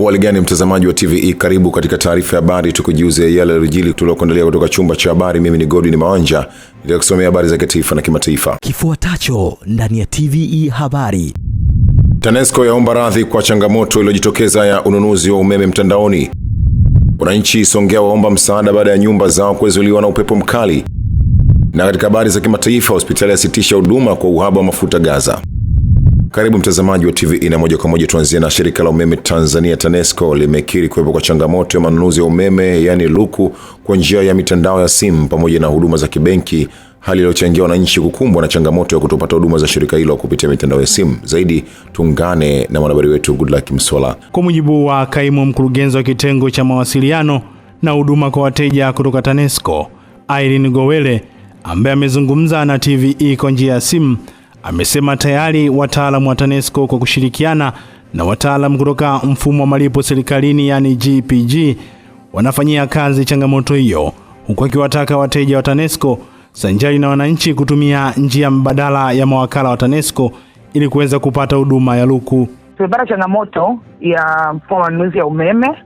Waligani mtazamaji wa TVE, karibu katika taarifa ya habari, tukujiuze yale yaliyojiri tuliokuandalia kutoka chumba cha habari. Mimi ni Godwin Mawanja, nitakusomea habari za kitaifa na kimataifa kifuatacho ndani ya TVE habari. TANESCO yaomba radhi kwa changamoto iliyojitokeza ya ununuzi wa umeme mtandaoni. Wananchi Songea waomba msaada baada ya nyumba zao kuezuliwa na upepo mkali. Na katika habari za kimataifa, hospitali yasitisha huduma kwa uhaba wa mafuta Gaza. Karibu mtazamaji wa TV ina e moja kwa moja. Tuanzie na shirika la umeme Tanzania TANESCO limekiri kuwepo kwa changamoto ya manunuzi ya umeme yaani luku kwa njia ya mitandao ya simu pamoja na huduma za kibenki, hali iliyochangia wananchi kukumbwa na changamoto ya kutopata huduma za shirika hilo kupitia mitandao ya simu. Zaidi tuungane na mwanahabari wetu Goodluck Msola. Kwa mujibu wa kaimu mkurugenzi wa kitengo cha mawasiliano na huduma kwa wateja kutoka TANESCO Irene Gowele ambaye amezungumza na TVE kwa njia ya simu amesema tayari wataalamu wa TANESCO kwa kushirikiana na wataalamu kutoka mfumo wa malipo serikalini yani GPG wanafanyia kazi changamoto hiyo, huku akiwataka wateja wa TANESCO sanjari na wananchi kutumia njia mbadala ya mawakala wa TANESCO ili kuweza kupata huduma ya luku. Tumepata changamoto ya mfumo wa manunuzi ya umeme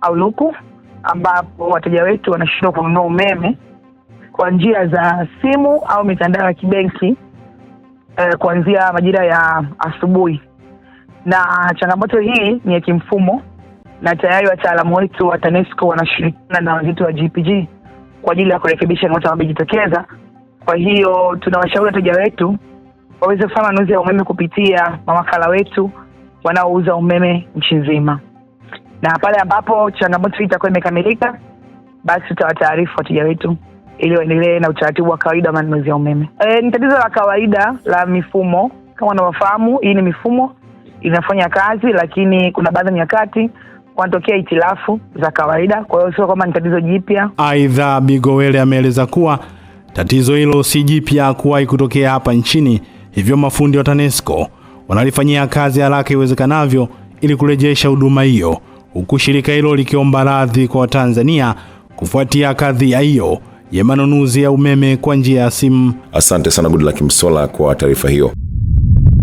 au luku, ambapo wateja wetu wanashindwa kununua umeme kwa njia za simu au mitandao ya kibenki eh, kuanzia majira ya asubuhi, na changamoto hii ni ya kimfumo, na tayari wataalamu wetu wa TANESCO wanashirikiana na wenzetu wa GPG kwa ajili ya kurekebisha nyota wamejitokeza. Kwa hiyo tunawashauri wateja wetu waweze kufanya manunuzi ya umeme kupitia mawakala wetu wanaouza umeme nchi nzima, na pale ambapo changamoto hii itakuwa imekamilika, basi tutawataarifu wateja wetu iliyoendelea na utaratibu wa kawaida wa manunuzi ya umeme. E, ni tatizo la kawaida la mifumo. Kama unavyofahamu, hii ni mifumo inafanya kazi, lakini kuna baadhi ya nyakati wanatokea hitilafu za kawaida, kwa hiyo sio kwamba ni tatizo jipya. Aidha, Bigowele ameeleza kuwa tatizo hilo si jipya kuwahi kutokea hapa nchini, hivyo mafundi wa TANESCO wanalifanyia kazi haraka iwezekanavyo ili kurejesha huduma hiyo, huku shirika hilo likiomba radhi kwa Watanzania kufuatia kadhia hiyo ya manunuzi ya umeme kwa njia ya simu. Asante sana Goodluck msola kwa taarifa hiyo.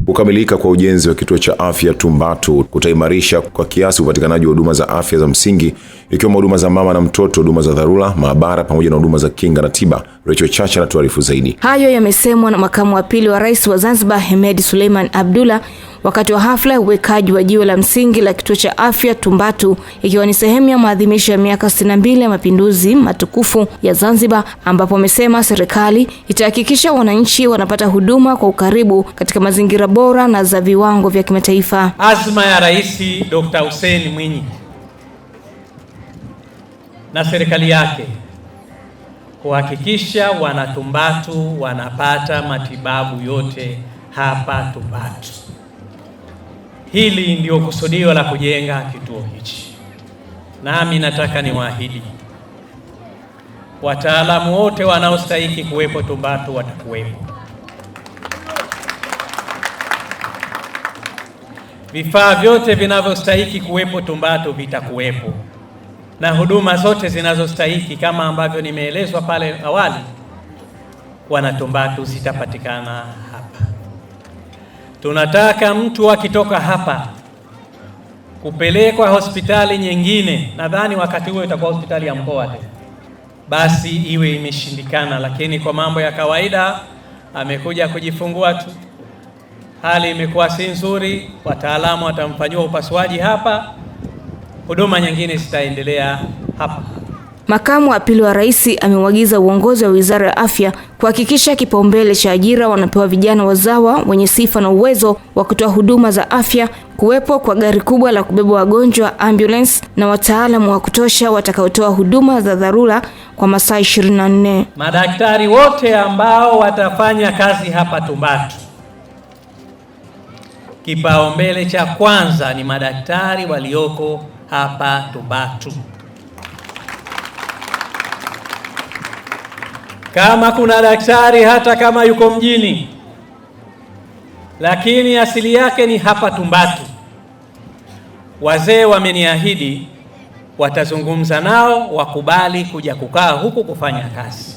Kukamilika kwa ujenzi wa kituo cha afya Tumbatu kutaimarisha kwa kiasi upatikanaji wa huduma za afya za msingi ikiwemo huduma za mama na mtoto, huduma za dharura, maabara pamoja na huduma za kinga na tiba. Rachel Chacha na tuarifu zaidi. Hayo yamesemwa na makamu wa pili wa rais wa Zanzibar Hemed Suleiman Abdullah wakati wa hafla ya uwekaji wa jiwe la msingi la kituo cha afya Tumbatu ikiwa ni sehemu ya maadhimisho ya miaka 62 ya mapinduzi matukufu ya Zanzibar, ambapo amesema serikali itahakikisha wananchi wanapata huduma kwa ukaribu katika mazingira bora na za viwango vya kimataifa. Azma ya Rais Dr. Hussein Mwinyi na serikali yake kuhakikisha wanatumbatu wanapata matibabu yote hapa Tumbatu. Hili ndio kusudio la kujenga kituo hichi, nami nataka niwaahidi wataalamu wote wanaostahiki kuwepo Tumbatu watakuwepo. Vifaa vyote vinavyostahiki kuwepo Tumbatu vitakuwepo na huduma zote zinazostahiki kama ambavyo nimeelezwa pale awali, Wanatumbatu zitapatikana hapa. Tunataka mtu akitoka hapa kupelekwa hospitali nyingine, nadhani wakati huo itakuwa hospitali ya mkoa tu, basi iwe imeshindikana. Lakini kwa mambo ya kawaida, amekuja kujifungua tu, hali imekuwa si nzuri, wataalamu watamfanyiwa upasuaji hapa huduma nyingine zitaendelea hapa. Makamu wa pili wa rais ameuagiza uongozi wa Wizara ya Afya kuhakikisha kipaumbele cha ajira wanapewa vijana wazawa wenye sifa na uwezo wa kutoa huduma za afya, kuwepo kwa gari kubwa la kubeba wagonjwa ambulance, na wataalamu wa kutosha watakaotoa huduma za dharura kwa masaa 24. Madaktari wote ambao watafanya kazi hapa Tumbatu, kipaumbele cha kwanza ni madaktari walioko hapa Tumbatu. Kama kuna daktari hata kama yuko mjini, lakini asili yake ni hapa Tumbatu, wazee wameniahidi watazungumza nao, wakubali kuja kukaa huku kufanya kazi.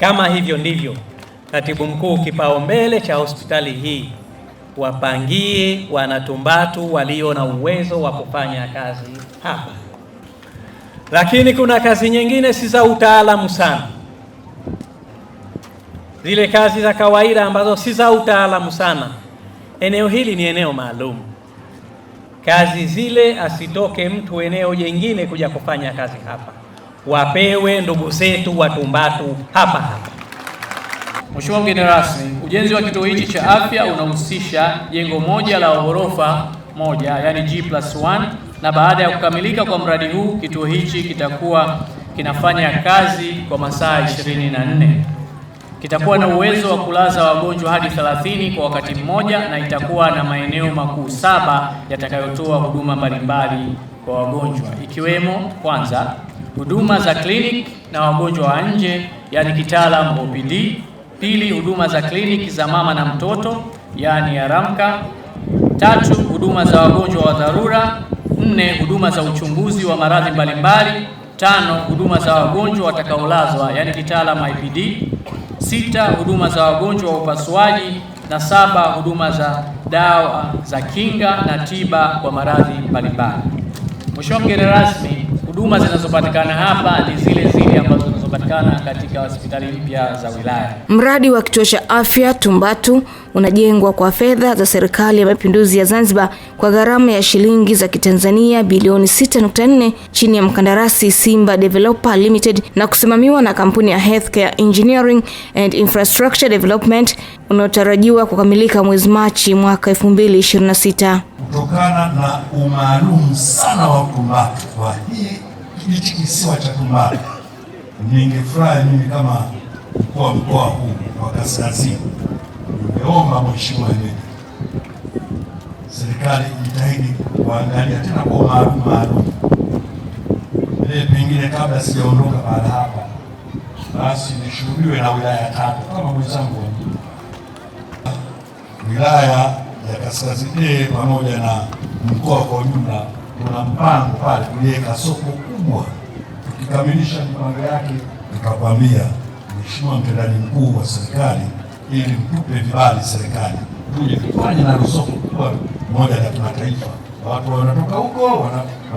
Kama hivyo ndivyo, katibu mkuu, kipaumbele cha hospitali hii wapangie Wanatumbatu walio na uwezo wa kufanya kazi hapa. Lakini kuna kazi nyingine si za utaalamu sana, zile kazi za kawaida ambazo si za utaalamu sana. Eneo hili ni eneo maalum, kazi zile asitoke mtu eneo jengine kuja kufanya kazi hapa, wapewe ndugu zetu Watumbatu hapa hapa. Mheshimiwa mgeni rasmi Ujenzi wa kituo hichi cha afya unahusisha jengo moja la ghorofa moja, yani G+1, na baada ya kukamilika kwa mradi huu kituo hichi kitakuwa kinafanya kazi kwa masaa 24. Kitakuwa na uwezo wa kulaza wagonjwa hadi 30 kwa wakati mmoja na itakuwa na maeneo makuu saba yatakayotoa huduma mbalimbali kwa wagonjwa ikiwemo kwanza, huduma za clinic na wagonjwa wa nje, yani kitaalamu OPD. Pili, huduma za kliniki za mama na mtoto yaani Aramka. Tatu, huduma za wagonjwa wa dharura. Nne, huduma za uchunguzi wa maradhi mbalimbali. Tano, huduma za wagonjwa watakaolazwa yaani kitaalam IPD. Sita, huduma za wagonjwa wa upasuaji na saba, huduma za dawa za kinga na tiba kwa maradhi mbalimbali. Mheshimiwa mgeni rasmi, huduma zinazopatikana hapa ni zile zile ambazo kupatikana katika hospitali mpya za wilaya. Mradi wa kituo cha afya Tumbatu unajengwa kwa fedha za serikali ya mapinduzi ya Zanzibar kwa gharama ya shilingi za Kitanzania bilioni 6.4 chini ya mkandarasi Simba Developer Limited na kusimamiwa na kampuni ya Healthcare Engineering and Infrastructure Development unaotarajiwa kukamilika mwezi Machi mwaka 2026. Kutokana na umaalumu sana wa Tumbatu kwa hii kijiji kisiwa cha Tumbatu ningefurahi mimi kama mkuu wa mkoa huu wa Kaskazini, ningeomba mheshimiwa Hemedi, serikali jitahidi kuangalia tena kwa maalum maalum ile, ee, pengine kabla sijaondoka baada hapa, basi nishuhudiwe na wilaya tatu kama mwenzangu wilaya ya Kaskazini ee, pamoja na mkoa kwa ujumla, kuna mpango pale kuliweka soko kubwa ikikamilisha mipango yake nikakwambia Mheshimiwa mtendaji mkuu wa serikali, ili mtupe vibali serikali tuje tufanye na rusoko kubwa moja la kimataifa. Watu wanatoka huko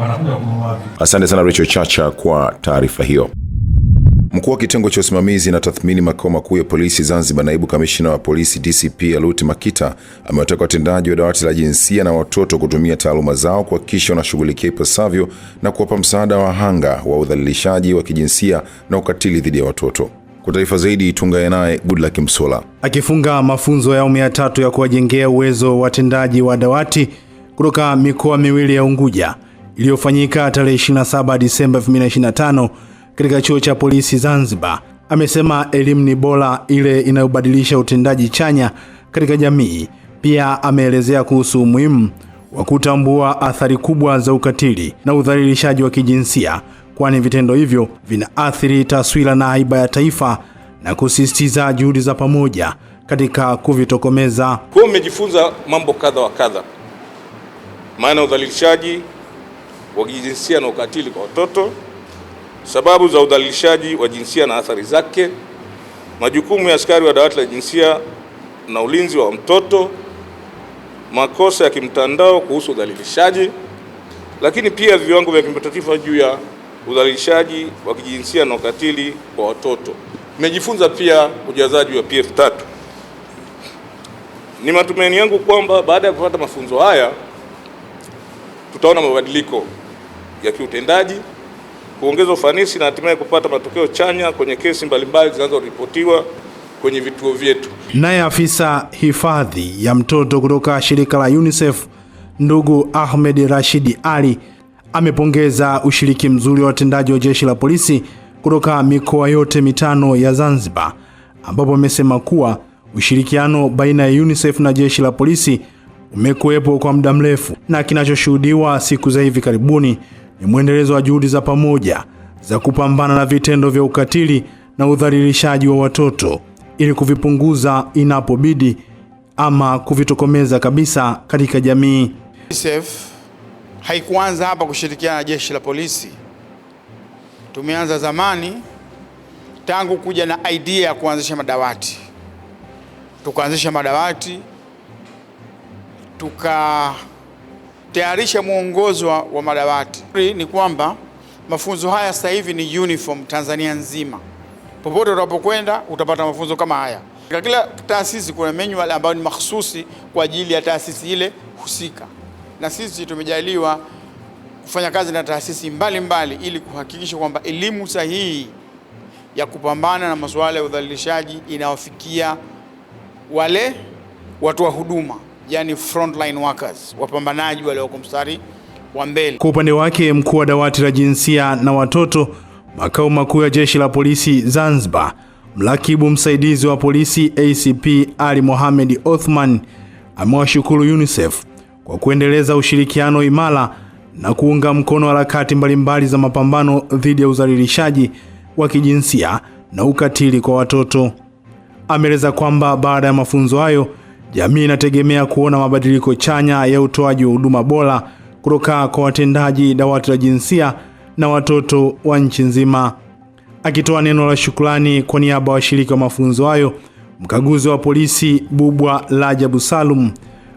wanakuja kununua Asante sana Richard Chacha kwa taarifa hiyo. Mkuu wa kitengo cha usimamizi na tathmini makao makuu ya polisi Zanzibar, naibu kamishina wa polisi DCP Aluti Makita amewataka watendaji wa dawati la jinsia na watoto kutumia taaluma zao kuhakikisha wanashughulikia ipasavyo na kuwapa msaada wahanga wa udhalilishaji wa kijinsia na ukatili dhidi ya watoto. Kwa taarifa zaidi tungaye naye Goodluck Msola. Akifunga mafunzo ya awamu ya tatu ya kuwajengea uwezo watendaji wa dawati kutoka mikoa miwili ya Unguja iliyofanyika tarehe 27 Disemba 2025 katika chuo cha polisi Zanzibar amesema elimu ni bora ile inayobadilisha utendaji chanya katika jamii. Pia ameelezea kuhusu umuhimu wa kutambua athari kubwa za ukatili na udhalilishaji wa kijinsia, kwani vitendo hivyo vinaathiri taswira na haiba ya taifa na kusisitiza juhudi za pamoja katika kuvitokomeza. Kwa umejifunza mambo kadha wa kadha, maana udhalilishaji wa kijinsia na ukatili kwa watoto sababu za udhalilishaji wa jinsia na athari zake, majukumu ya askari wa dawati la jinsia na ulinzi wa mtoto, makosa ya kimtandao kuhusu udhalilishaji, lakini pia viwango vya kimataifa juu ya udhalilishaji wa kijinsia na ukatili kwa watoto. Nimejifunza pia ujazaji wa PF 3 Ni matumaini yangu kwamba baada ya kupata mafunzo haya tutaona mabadiliko ya kiutendaji kuongeza ufanisi na hatimaye kupata matokeo chanya kwenye kesi mbalimbali zinazoripotiwa kwenye vituo vyetu. Naye afisa hifadhi ya mtoto kutoka shirika la UNICEF ndugu Ahmed Rashidi Ali amepongeza ushiriki mzuri wa watendaji wa jeshi la polisi kutoka mikoa yote mitano ya Zanzibar, ambapo amesema kuwa ushirikiano baina ya UNICEF na jeshi la polisi umekuwepo kwa muda mrefu na kinachoshuhudiwa siku za hivi karibuni ni mwendelezo wa juhudi za pamoja za kupambana na vitendo vya ukatili na udhalilishaji wa watoto ili kuvipunguza inapobidi ama kuvitokomeza kabisa katika jamii. UNICEF haikuanza hapa kushirikiana na jeshi la polisi. Tumeanza zamani tangu kuja na idea ya kuanzisha madawati, tukaanzisha madawati tuka tayarisha mwongozo wa madawati. Ni kwamba mafunzo haya sasa hivi ni uniform Tanzania nzima, popote utakapokwenda utapata mafunzo kama haya. Katika kila taasisi kuna manual ambayo ni mahsusi kwa ajili ya taasisi ile husika, na sisi tumejaliwa kufanya kazi na taasisi mbalimbali mbali, ili kuhakikisha kwamba elimu sahihi ya kupambana na masuala ya udhalilishaji inawafikia wale wa huduma yani frontline workers, wapambanaji walioko mstari wa mbele. Kwa upande wake, mkuu wa dawati la jinsia na watoto makao makuu ya jeshi la polisi Zanzibar, mrakibu msaidizi wa polisi ACP Ali Mohamed Othman amewashukuru UNICEF kwa kuendeleza ushirikiano imara na kuunga mkono harakati mbalimbali za mapambano dhidi ya udhalilishaji wa kijinsia na ukatili kwa watoto. Ameeleza kwamba baada ya mafunzo hayo Jamii inategemea kuona mabadiliko chanya ya utoaji wa huduma bora kutoka kwa watendaji dawati la jinsia na watoto wa nchi nzima. Akitoa neno la shukrani kwa niaba ya washiriki wa mafunzo hayo, mkaguzi wa polisi Bubwa Rajabu Salum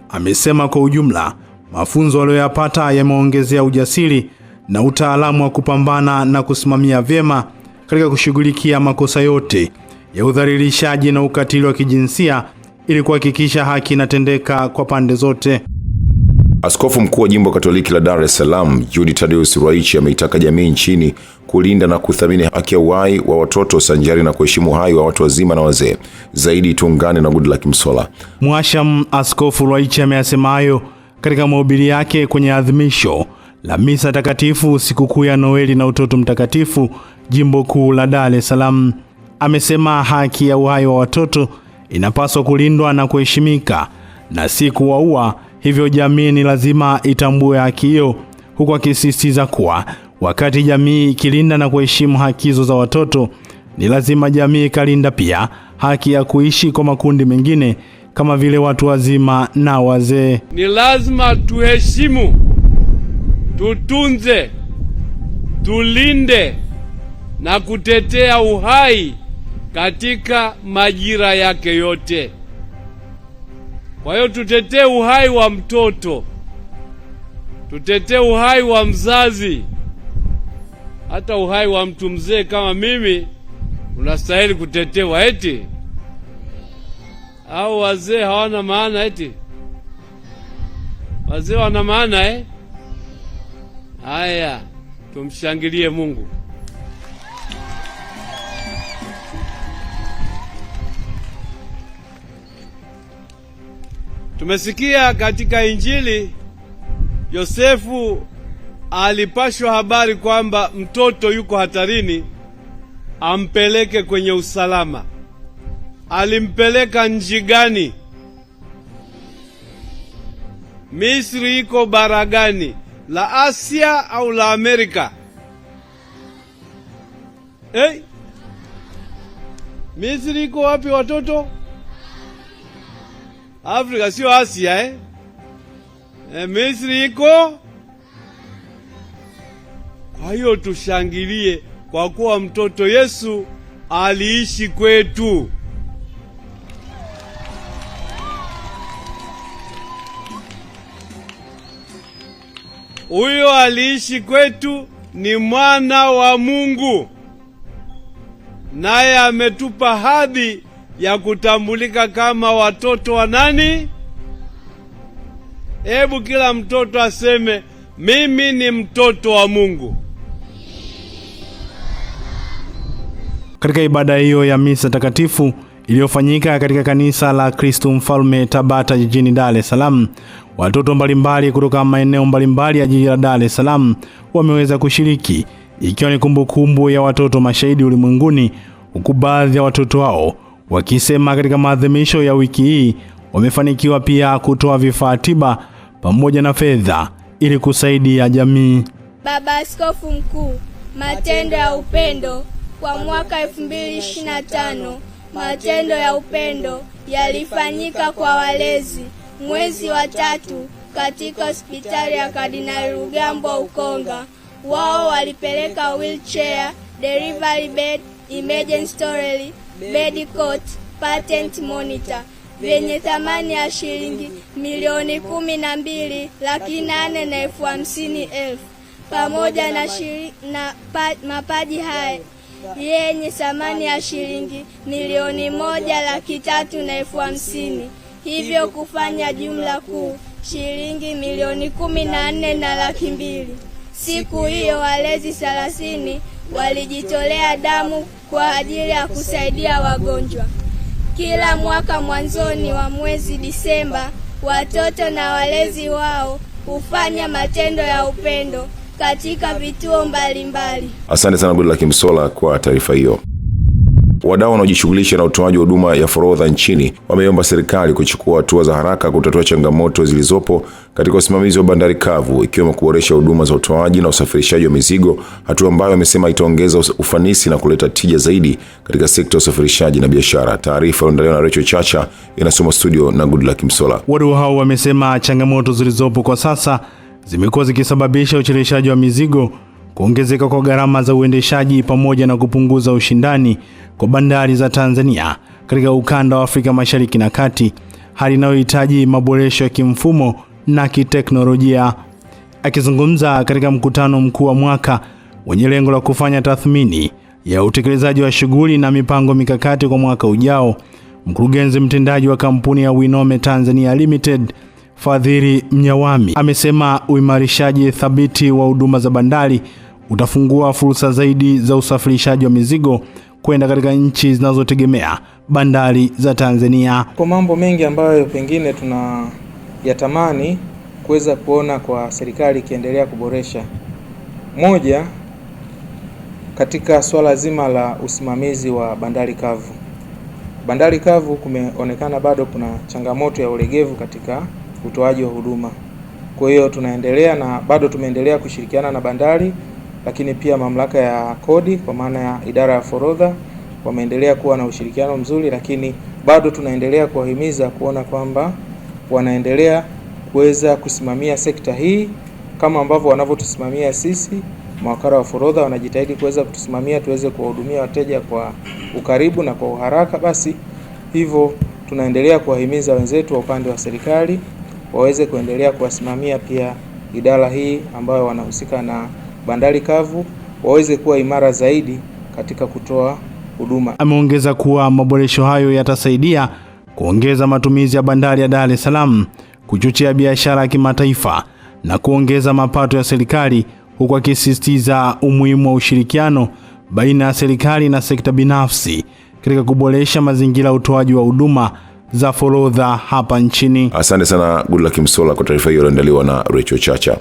amesema kwa ujumla mafunzo aliyoyapata yameongezea ujasiri na utaalamu wa kupambana na kusimamia vyema katika kushughulikia makosa yote ya udhalilishaji na ukatili wa kijinsia ili kuhakikisha haki inatendeka kwa pande zote. Askofu mkuu wa jimbo Katoliki la Dar es Salaam Jude Thaddaeus Ruwa'ichi ameitaka jamii nchini kulinda na kuthamini haki ya uhai wa watoto sanjari na kuheshimu uhai wa watu wazima na wazee. Zaidi tuungane na Goodluck Msola. Mwasham Askofu Ruwa'ichi ameyasema hayo katika mahubiri yake kwenye adhimisho la misa takatifu sikukuu ya Noeli na utoto mtakatifu jimbo kuu la Dar es Salaam. Amesema haki ya uhai wa watoto inapaswa kulindwa na kuheshimika na si kuwaua, hivyo jamii ni lazima itambue haki hiyo, huku akisisitiza kuwa wakati jamii ikilinda na kuheshimu haki hizo za watoto, ni lazima jamii ikalinda pia haki ya kuishi kwa makundi mengine kama vile watu wazima na wazee. Ni lazima tuheshimu, tutunze, tulinde na kutetea uhai katika majira yake yote. Kwa hiyo tutetee uhai wa mtoto, tutetee uhai wa mzazi, hata uhai wa mtu mzee kama mimi unastahili kutetewa eti? Au wazee hawana maana eti? Wazee wana maana eh? Haya, tumshangilie Mungu. Tumesikia katika Injili Yosefu alipashwa habari kwamba mtoto yuko hatarini, ampeleke kwenye usalama. Alimpeleka nchi gani? Misri iko bara gani, la Asia au la Amerika? Hey, Misri iko wapi watoto? Afrika sio Asia eh? E, Misri iko. Kwa hiyo tushangilie kwa kuwa mtoto Yesu aliishi kwetu. Huyo aliishi kwetu ni mwana wa Mungu, naye ametupa hadhi ya kutambulika kama watoto wa nani? Hebu kila mtoto aseme mimi ni mtoto wa Mungu. Katika ibada hiyo ya misa takatifu iliyofanyika katika kanisa la Kristo Mfalme Tabata jijini Dar es Salaam, watoto mbalimbali kutoka maeneo mbalimbali ya jiji la Dar es Salaam wameweza kushiriki, ikiwa ni kumbukumbu ya watoto mashahidi ulimwenguni, huku baadhi ya watoto hao wakisema katika maadhimisho ya wiki hii wamefanikiwa pia kutoa vifaa tiba pamoja na fedha ili kusaidia jamii. Baba Askofu Mkuu, matendo ya upendo kwa mwaka 2025 matendo ya upendo yalifanyika kwa walezi mwezi wa tatu katika hospitali ya Kardinali Rugambwa Ukonga. Wao walipeleka wheelchair, delivery bed, emergency bedi patent monitor vyenye thamani ya shilingi milioni kumi na mbili laki nane na elfu hamsini elfu pamoja na, shiri, na pa, mapaji haya yenye thamani ya shilingi milioni moja laki tatu na elfu hamsini hivyo kufanya jumla kuu shilingi milioni kumi na nne na laki mbili. Siku hiyo walezi thelathini walijitolea damu kwa ajili ya kusaidia wagonjwa. Kila mwaka mwanzoni wa mwezi Disemba, watoto na walezi wao hufanya matendo ya upendo katika vituo mbalimbali. Asante sana Gudla Kimsola kwa taarifa hiyo. Wadau wanaojishughulisha na utoaji wa huduma ya forodha nchini wameomba serikali kuchukua hatua za haraka kutatua changamoto zilizopo katika usimamizi wa bandari kavu ikiwemo kuboresha huduma za utoaji na usafirishaji wa mizigo, hatua ambayo amesema itaongeza ufanisi na kuleta tija zaidi katika sekta ya usafirishaji na biashara. Taarifa iliyoandaliwa na Recho Chacha inasoma studio na Goodluck Msola. Wadau hao wamesema changamoto zilizopo kwa sasa zimekuwa zikisababisha ucheleweshaji wa mizigo kuongezeka kwa gharama za uendeshaji pamoja na kupunguza ushindani kwa bandari za Tanzania katika ukanda wa Afrika Mashariki na Kati, hali inayohitaji maboresho ya kimfumo na kiteknolojia. Akizungumza katika mkutano mkuu wa mwaka wenye lengo la kufanya tathmini ya utekelezaji wa shughuli na mipango mikakati kwa mwaka ujao, mkurugenzi mtendaji wa kampuni ya Winome Tanzania Limited Fadhili Mnyawami amesema uimarishaji thabiti wa huduma za bandari utafungua fursa zaidi za usafirishaji wa mizigo kwenda katika nchi zinazotegemea bandari za Tanzania. Kwa mambo mengi ambayo pengine tuna yatamani kuweza kuona kwa serikali ikiendelea kuboresha, moja katika swala zima la usimamizi wa bandari kavu. Bandari kavu kumeonekana bado kuna changamoto ya ulegevu katika utoaji wa huduma. Kwa hiyo tunaendelea na bado tumeendelea kushirikiana na bandari, lakini pia mamlaka ya kodi kwa maana ya idara ya forodha wameendelea kuwa na ushirikiano mzuri, lakini bado tunaendelea kuwahimiza kuona kwamba wanaendelea kuweza kusimamia sekta hii kama ambavyo wanavyotusimamia sisi. Mawakala wa forodha wanajitahidi kuweza kutusimamia tuweze kuwahudumia wateja kwa ukaribu na kwa uharaka. Basi hivyo tunaendelea kuwahimiza wenzetu wa upande wa serikali waweze kuendelea kuwasimamia pia idara hii ambayo wanahusika na bandari kavu waweze kuwa imara zaidi katika kutoa huduma. Ameongeza kuwa maboresho hayo yatasaidia kuongeza matumizi ya bandari ya Dar es Salaam, kuchochea biashara ya kimataifa na kuongeza mapato ya serikali, huku akisisitiza umuhimu wa ushirikiano baina ya serikali na sekta binafsi katika kuboresha mazingira ya utoaji wa huduma za forodha hapa nchini. Asante sana Goodluck Kimsola kwa taarifa hiyo iliyoandaliwa na Rachel Chacha.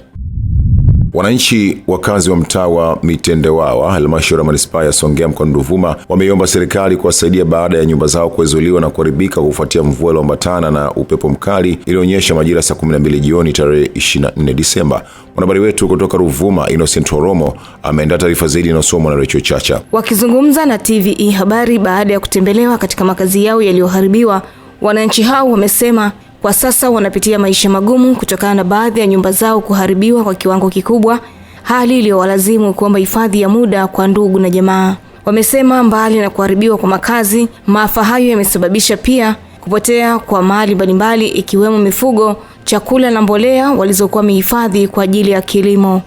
Wananchi wakazi wa mtaa wa Mitendewawa halmashauri ya manispaa ya Songea mkoani Ruvuma wameiomba serikali kuwasaidia baada ya nyumba zao kuezuliwa na kuharibika kufuatia mvua iliyoambatana na upepo mkali iliyoonyesha majira saa 12 jioni tarehe 24 Disemba. Mwanahabari wetu kutoka Ruvuma Innocent Oromo ameandaa taarifa zaidi inayosomwa na Recho Chacha. Wakizungumza na TVE habari baada ya kutembelewa katika makazi yao yaliyoharibiwa Wananchi hao wamesema kwa sasa wanapitia maisha magumu kutokana na baadhi ya nyumba zao kuharibiwa kwa kiwango kikubwa, hali iliyowalazimu kuomba hifadhi ya muda kwa ndugu na jamaa. Wamesema mbali na kuharibiwa kwa makazi, maafa hayo yamesababisha pia kupotea kwa mali mbalimbali ikiwemo mifugo, chakula na mbolea walizokuwa wamehifadhi kwa ajili ya kilimo.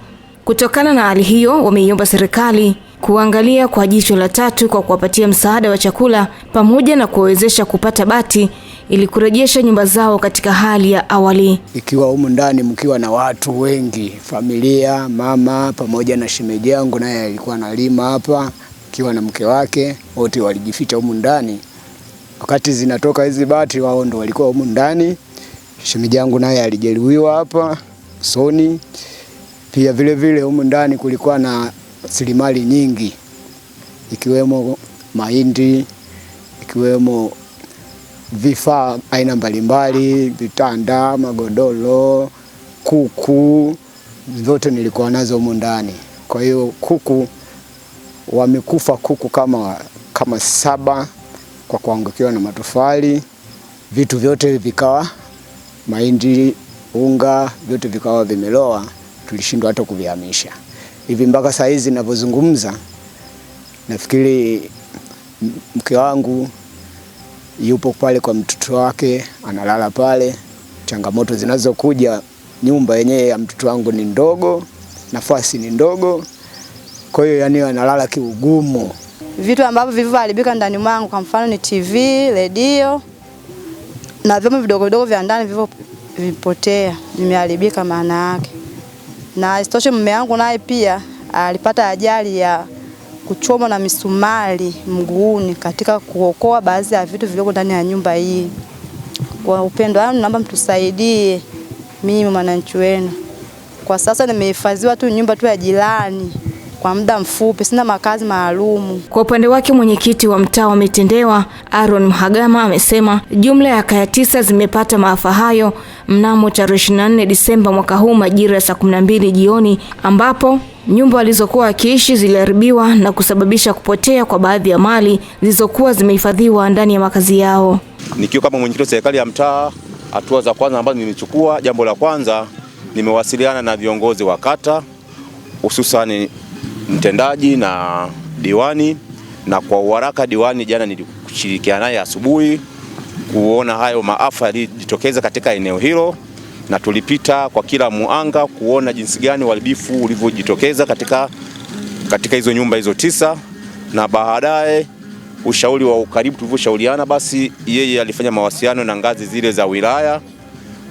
Kutokana na hali hiyo, wameiomba serikali kuangalia kwa jicho la tatu kwa kuwapatia msaada wa chakula pamoja na kuwawezesha kupata bati ili kurejesha nyumba zao katika hali ya awali. Ikiwa humu ndani mkiwa na watu wengi, familia, mama pamoja na shemeji yangu, naye alikuwa analima hapa akiwa na mke wake, wote walijificha humu ndani. Wakati zinatoka hizi bati, wao ndo walikuwa humu ndani. Shemeji yangu naye alijeruhiwa hapa soni. Pia vilevile humu ndani kulikuwa na silimali nyingi ikiwemo mahindi ikiwemo vifaa aina mbalimbali, vitanda, magodoro, kuku, zote nilikuwa nazo humu ndani. Kwa hiyo kuku wamekufa kuku kama, kama saba kwa kuangukiwa na matofali. Vitu vyote vikawa mahindi, unga, vyote vikawa vimeloa, tulishindwa hata kuvihamisha. Hivi mpaka saa hizi ninavyozungumza, nafikiri mke wangu yupo pale kwa mtoto wake analala pale. Changamoto zinazokuja, nyumba yenyewe ya mtoto wangu ni ndogo, nafasi ni ndogo, kwa hiyo yani analala kiugumu. Vitu ambavyo vilivyoharibika ndani mwangu kwa mfano ni TV, redio na vyombo vidogo vidogo vya ndani vivyo vipotea, vimeharibika maana yake. Na isitoshe mume wangu naye pia alipata ajali ya kuchomwa na misumari mguuni katika kuokoa baadhi ya vitu vilivyoko ndani ya nyumba hii. Kwa upendo wenu naomba mtusaidie, mimi mwananchi wenu. Kwa sasa nimehifadhiwa tu nyumba tu ya jirani kwa muda mfupi, sina makazi maalum Kwa upande wake mwenyekiti wa mtaa wa Mitendewa Aaron Mhagama amesema jumla ya kaya tisa zimepata maafa hayo mnamo tarehe 24 Disemba mwaka huu majira ya saa 12 jioni ambapo nyumba walizokuwa wakiishi ziliharibiwa na kusababisha kupotea kwa baadhi ya mali zilizokuwa zimehifadhiwa ndani ya makazi yao. Nikiwa kama mwenyekiti wa serikali ya mtaa, hatua za kwanza ambazo nilichukua, jambo la kwanza nimewasiliana na viongozi wa kata hususani mtendaji na diwani, na kwa uharaka diwani, jana nilishirikiana naye asubuhi kuona hayo maafa yalijitokeza katika eneo hilo, na tulipita kwa kila muanga kuona jinsi gani uharibifu ulivyojitokeza katika katika hizo nyumba hizo tisa, na baadaye ushauri wa ukaribu tulivyoshauriana, basi yeye alifanya mawasiliano na ngazi zile za wilaya.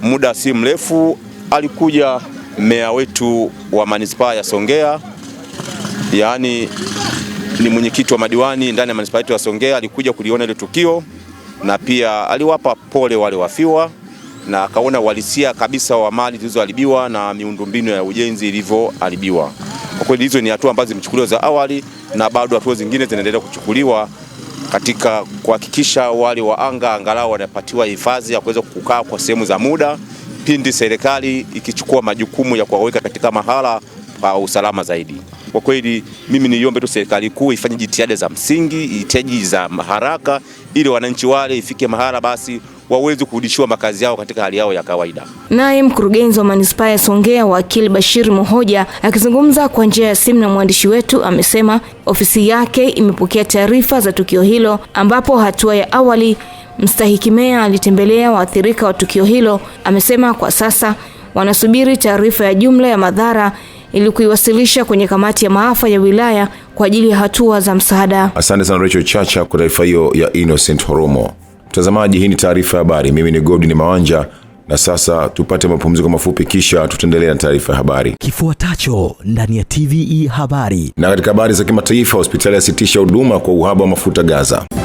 Muda si mrefu alikuja meya wetu wa manispaa ya Songea yaani ni mwenyekiti wa madiwani ndani ya manispaa yetu ya Songea, alikuja kuliona ile tukio na pia aliwapa pole wale wafiwa na akaona uhalisia kabisa wa mali zilizoharibiwa na miundombinu ya ujenzi ilivyoharibiwa. Kwa kweli hizo ni hatua ambazo zimechukuliwa za awali na bado hatua zingine zinaendelea kuchukuliwa katika kuhakikisha wale wa anga angalau wanapatiwa hifadhi ya kuweza kukaa kwa sehemu za muda pindi serikali ikichukua majukumu ya kuwaweka katika mahala pa usalama zaidi. Kwa kweli mimi niombe tu serikali kuu ifanye jitihada za msingi, jitihada za haraka, ili wananchi wale ifike mahala basi waweze kurudishiwa makazi yao katika hali yao ya kawaida. Naye mkurugenzi wa manispaa ya Songea wakili Bashir Mohoja akizungumza kwa njia ya simu na mwandishi wetu amesema ofisi yake imepokea taarifa za tukio hilo, ambapo hatua ya awali mstahiki meya alitembelea waathirika wa tukio hilo. Amesema kwa sasa wanasubiri taarifa ya jumla ya madhara ili kuiwasilisha kwenye kamati ya maafa ya wilaya kwa ajili ya hatua za msaada. Asante sana Rachel Chacha kwa taarifa hiyo ya Innocent Horomo. Mtazamaji, hii ni taarifa ya habari. Mimi ni Godwin Mawanja na sasa tupate mapumziko mafupi, kisha tutaendelea na taarifa ya habari kifuatacho ndani ya TVE Habari. Na katika habari za kimataifa, hospitali yasitisha huduma kwa uhaba wa mafuta Gaza.